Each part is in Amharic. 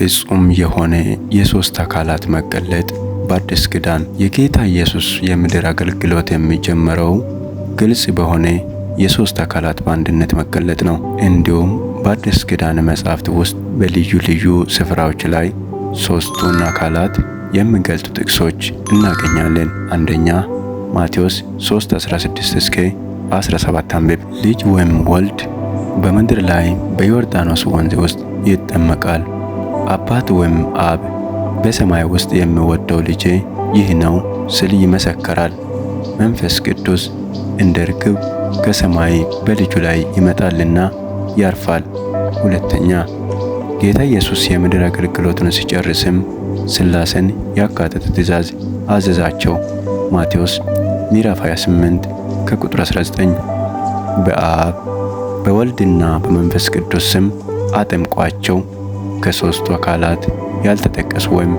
ፍጹም የሆነ የሶስት አካላት መገለጥ በአዲስ ኪዳን የጌታ ኢየሱስ የምድር አገልግሎት የሚጀመረው ግልጽ በሆነ የሶስት አካላት በአንድነት መገለጥ ነው። እንዲሁም በአዲስ ኪዳን መጻሕፍት ውስጥ በልዩ ልዩ ስፍራዎች ላይ ሶስቱን አካላት የሚገልጡ ጥቅሶች እናገኛለን። አንደኛ ማቴዎስ 3:16 እስከ 17 አንብብ። ልጅ ወይም ወልድ በምድር ላይ በዮርዳኖስ ወንዝ ውስጥ ይጠመቃል አባት ወይም አብ በሰማይ ውስጥ የምወደው ልጄ ይህ ነው ስል ይመሰክራል። መንፈስ ቅዱስ እንደ ርግብ ከሰማይ በልጁ ላይ ይመጣልና ያርፋል። ሁለተኛ ጌታ ኢየሱስ የምድር አገልግሎቱን ሲጨርስም ሥላሴን ያካተተ ትእዛዝ አዘዛቸው። ማቴዎስ ምዕራፍ 28 ከቁጥር 19 በአብ በወልድና በመንፈስ ቅዱስ ስም አጠምቋቸው ከሦስቱ አካላት ያልተጠቀሱ ወይም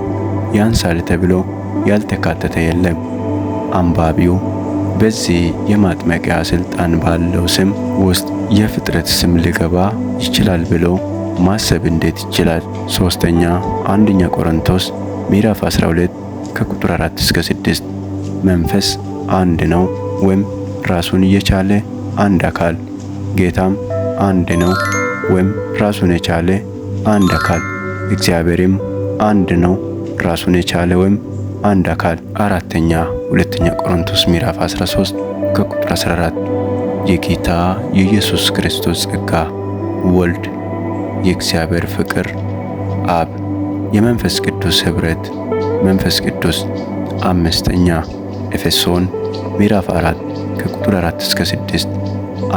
ያንሳል ተብሎ ያልተካተተ የለም። አንባቢው በዚህ የማጥመቂያ ሥልጣን ባለው ስም ውስጥ የፍጥረት ስም ሊገባ ይችላል ብሎ ማሰብ እንዴት ይችላል? ሶስተኛ አንደኛ ቆሮንቶስ ምዕራፍ 12 ከቁጥር 4 እስከ 6 መንፈስ አንድ ነው ወይም ራሱን የቻለ አንድ አካል፣ ጌታም አንድ ነው ወይም ራሱን የቻለ አንድ አካል፣ እግዚአብሔርም አንድ ነው ራሱን የቻለ ወይም አንድ አካል። አራተኛ ሁለተኛ ቆሮንቶስ ምዕራፍ 13 ከቁጥር 14 የጌታ የኢየሱስ ክርስቶስ ጸጋ ወልድ የእግዚአብሔር ፍቅር አብ የመንፈስ ቅዱስ ኅብረት መንፈስ ቅዱስ። አምስተኛ ኤፌሶን ምዕራፍ 4 ከቁጥር 4 እስከ 6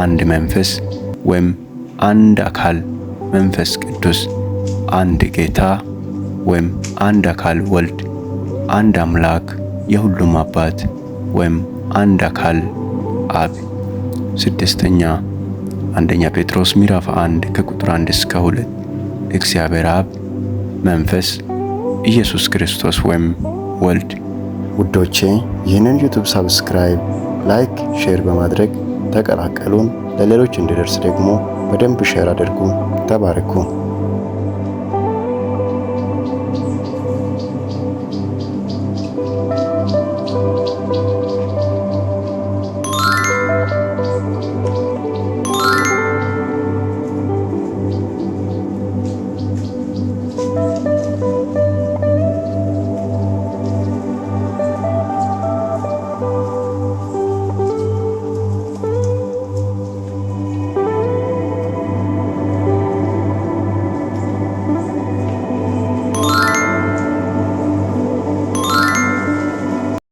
አንድ መንፈስ ወይም አንድ አካል መንፈስ ቅዱስ አንድ ጌታ ወይም አንድ አካል ወልድ፣ አንድ አምላክ የሁሉም አባት ወይም አንድ አካል አብ። ስድስተኛ አንደኛ ጴጥሮስ ምዕራፍ 1 ከቁጥር 1 እስከ 2 እግዚአብሔር አብ መንፈስ ኢየሱስ ክርስቶስ ወይም ወልድ። ውዶቼ ይህንን ዩቱብ ሳብስክራይብ፣ ላይክ፣ ሼር በማድረግ ተቀላቀሉን። ለሌሎች እንዲደርስ ደግሞ በደንብ ሼር አድርጉ። ተባረኩ።